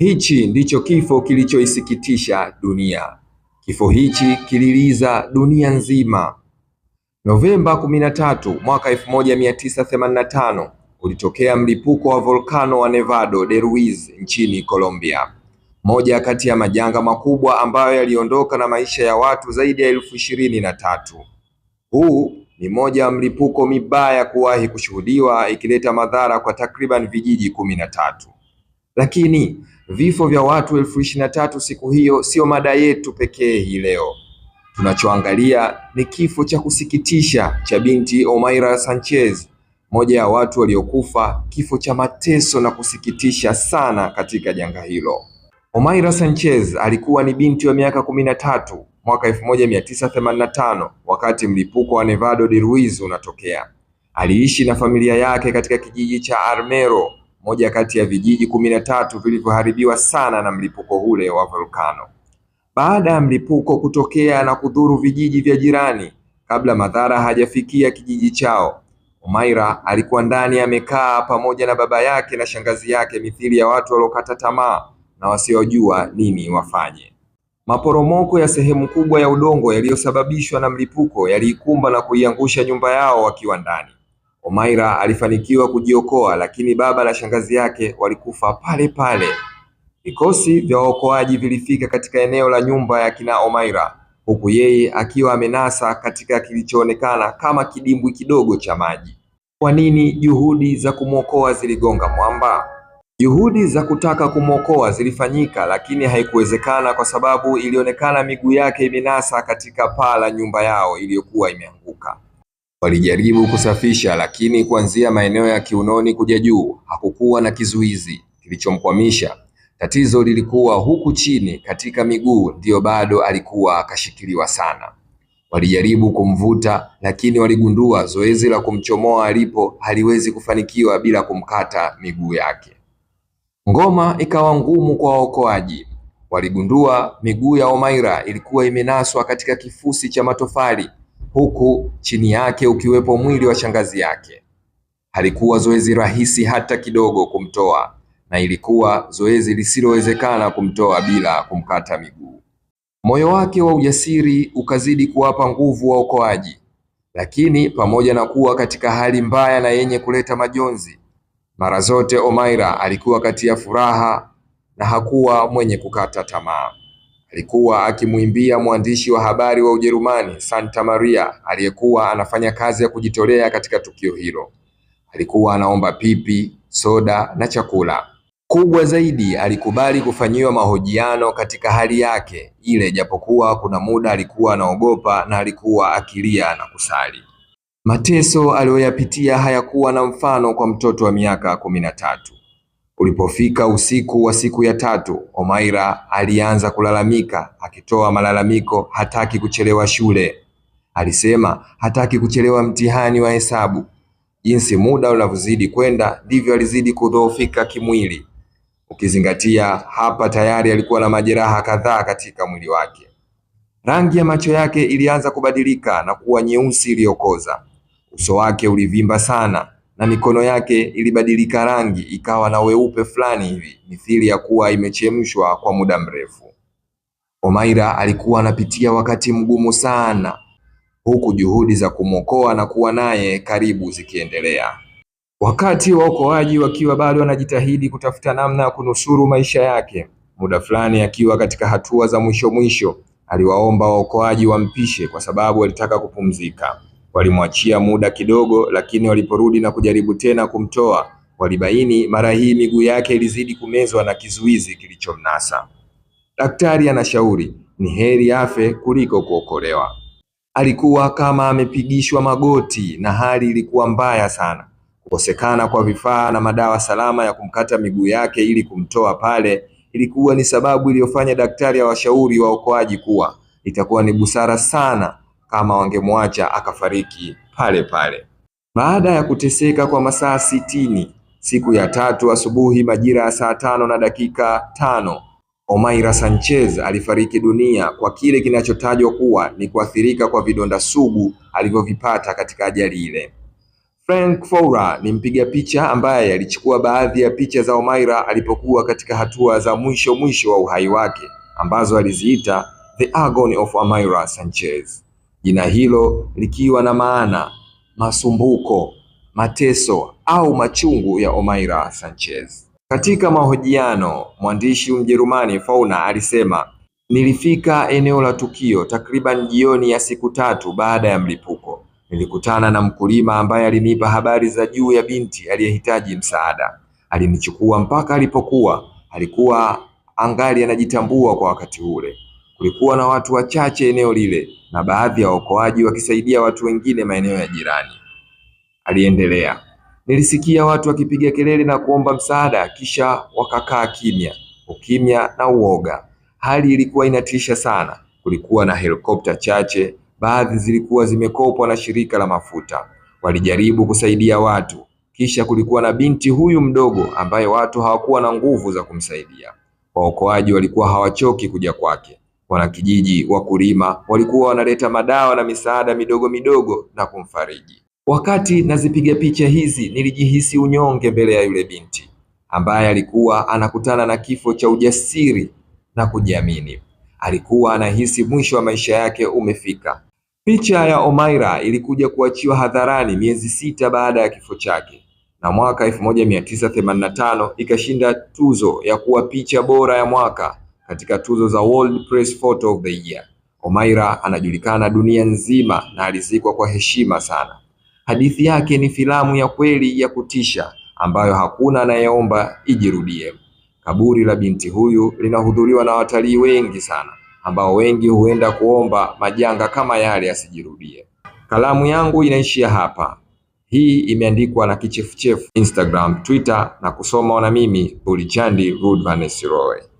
Hichi ndicho kifo kilichoisikitisha dunia. Kifo hichi kililiza dunia nzima. Novemba 13 mwaka 1985 ulitokea mlipuko wa volkano wa Nevado de Ruiz nchini Colombia, moja kati ya majanga makubwa ambayo yaliondoka na maisha ya watu zaidi ya elfu ishirini na tatu. Huu ni moja ya mlipuko mibaya kuwahi kushuhudiwa ikileta madhara kwa takriban vijiji kumi na tatu. Lakini vifo vya watu elfu ishirini na tatu siku hiyo sio mada yetu pekee hii leo. Tunachoangalia ni kifo cha kusikitisha cha binti Omaira Sanchez, moja ya watu waliokufa kifo cha mateso na kusikitisha sana katika janga hilo. Omaira Sanchez alikuwa ni binti wa miaka kumi na tatu mwaka 1985 wakati mlipuko wa Nevado de Ruiz unatokea. Aliishi na familia yake katika kijiji cha Armero moja kati ya vijiji kumi na tatu vilivyoharibiwa sana na mlipuko ule wa volkano. Baada ya mlipuko kutokea na kudhuru vijiji vya jirani, kabla madhara hajafikia kijiji chao, Umaira alikuwa ndani amekaa pamoja na baba yake na shangazi yake, mithili ya watu waliokata tamaa na wasiojua nini wafanye. Maporomoko ya sehemu kubwa ya udongo yaliyosababishwa na mlipuko yaliikumba na kuiangusha nyumba yao wakiwa ndani. Omaira alifanikiwa kujiokoa, lakini baba na shangazi yake walikufa pale pale. Vikosi vya waokoaji vilifika katika eneo la nyumba ya kina Omaira, huku yeye akiwa amenasa katika kilichoonekana kama kidimbwi kidogo cha maji. Kwa nini juhudi za kumwokoa ziligonga mwamba? Juhudi za kutaka kumwokoa zilifanyika, lakini haikuwezekana kwa sababu ilionekana miguu yake imenasa katika paa la nyumba yao iliyokuwa imeanguka. Walijaribu kusafisha lakini kuanzia maeneo ya kiunoni kuja juu hakukuwa na kizuizi kilichomkwamisha. Tatizo lilikuwa huku chini katika miguu, ndiyo bado alikuwa akashikiliwa sana. Walijaribu kumvuta lakini waligundua zoezi la kumchomoa alipo haliwezi kufanikiwa bila kumkata miguu yake. Ngoma ikawa ngumu kwa waokoaji. Waligundua miguu ya Omaira ilikuwa imenaswa katika kifusi cha matofali huku chini yake ukiwepo mwili wa shangazi yake. Halikuwa zoezi rahisi hata kidogo kumtoa, na ilikuwa zoezi lisilowezekana kumtoa bila kumkata miguu. Moyo wake wa ujasiri ukazidi kuwapa nguvu waokoaji, lakini pamoja na kuwa katika hali mbaya na yenye kuleta majonzi, mara zote Omaira alikuwa kati ya furaha na hakuwa mwenye kukata tamaa alikuwa akimwimbia mwandishi wa habari wa Ujerumani Santa Maria aliyekuwa anafanya kazi ya kujitolea katika tukio hilo. Alikuwa anaomba pipi, soda na chakula. Kubwa zaidi, alikubali kufanyiwa mahojiano katika hali yake ile, japokuwa kuna muda alikuwa anaogopa na alikuwa akilia na kusali. Mateso aliyoyapitia hayakuwa na mfano kwa mtoto wa miaka kumi na tatu. Ulipofika usiku wa siku ya tatu, Omaira alianza kulalamika, akitoa malalamiko hataki kuchelewa shule. Alisema hataki kuchelewa mtihani wa hesabu. Jinsi muda unavyozidi kwenda, ndivyo alizidi kudhoofika kimwili. Ukizingatia hapa tayari alikuwa na majeraha kadhaa katika mwili wake. Rangi ya macho yake ilianza kubadilika na kuwa nyeusi iliyokoza. Uso wake ulivimba sana na mikono yake ilibadilika rangi ikawa na weupe fulani hivi mithili ya kuwa imechemshwa kwa muda mrefu. Omaira alikuwa anapitia wakati mgumu sana, huku juhudi za kumwokoa na kuwa naye karibu zikiendelea. Wakati waokoaji wakiwa bado wanajitahidi kutafuta namna ya kunusuru maisha yake, muda fulani akiwa katika hatua za mwisho mwisho, aliwaomba waokoaji wampishe kwa sababu alitaka kupumzika. Walimwachia muda kidogo, lakini waliporudi na kujaribu tena kumtoa, walibaini mara hii miguu yake ilizidi kumezwa na kizuizi kilichomnasa. Daktari anashauri ni heri afe kuliko kuokolewa. Alikuwa kama amepigishwa magoti na hali ilikuwa mbaya sana. Kukosekana kwa vifaa na madawa salama ya kumkata miguu yake ili kumtoa pale ilikuwa ni sababu iliyofanya daktari awashauri waokoaji kuwa itakuwa ni busara sana kama wangemwacha akafariki pale pale. Baada ya kuteseka kwa masaa sitini, siku ya tatu asubuhi majira ya saa tano na dakika tano Omaira Sanchez alifariki dunia kwa kile kinachotajwa kuwa ni kuathirika kwa vidonda sugu alivyovipata katika ajali ile. Frank fora ni mpiga picha ambaye alichukua baadhi ya picha za Omaira alipokuwa katika hatua za mwisho mwisho wa uhai wake ambazo aliziita The Agony of Omaira Sanchez jina hilo likiwa na maana masumbuko, mateso au machungu ya Omaira Sanchez. Katika mahojiano, mwandishi Mjerumani Fauna alisema, nilifika eneo la tukio takriban jioni ya siku tatu baada ya mlipuko. Nilikutana na mkulima ambaye alinipa habari za juu ya binti aliyehitaji msaada. Alinichukua mpaka alipokuwa, alikuwa angali anajitambua kwa wakati ule. Kulikuwa na watu wachache eneo lile na baadhi ya waokoaji wakisaidia watu wengine maeneo ya jirani. Aliendelea, nilisikia watu wakipiga kelele na kuomba msaada, kisha wakakaa kimya, ukimya na uoga. Hali ilikuwa inatisha sana. Kulikuwa na helikopta chache, baadhi zilikuwa zimekopwa na shirika la mafuta. Walijaribu kusaidia watu, kisha kulikuwa na binti huyu mdogo ambaye watu hawakuwa na nguvu za kumsaidia. Waokoaji walikuwa hawachoki kuja kwake. Wanakijiji, wakulima walikuwa wanaleta madawa na misaada midogo midogo na kumfariji. Wakati nazipiga picha hizi, nilijihisi unyonge mbele ya yule binti ambaye alikuwa anakutana na kifo cha ujasiri na kujiamini. Alikuwa anahisi mwisho wa maisha yake umefika. Picha ya Omaira ilikuja kuachiwa hadharani miezi sita baada ya kifo chake, na mwaka 1985 ikashinda tuzo ya kuwa picha bora ya mwaka katika tuzo za World Press Photo of the Year. Omaira anajulikana dunia nzima na alizikwa kwa heshima sana. Hadithi yake ni filamu ya kweli ya kutisha ambayo hakuna anayeomba ijirudie. Kaburi la binti huyu linahudhuriwa na watalii wengi sana ambao wengi huenda kuomba majanga kama yale yasijirudie. Kalamu yangu inaishia hapa. Hii imeandikwa na Kichefuchefu Instagram, Twitter na kusoma na mimi Bulichandi Rudvanesiroe.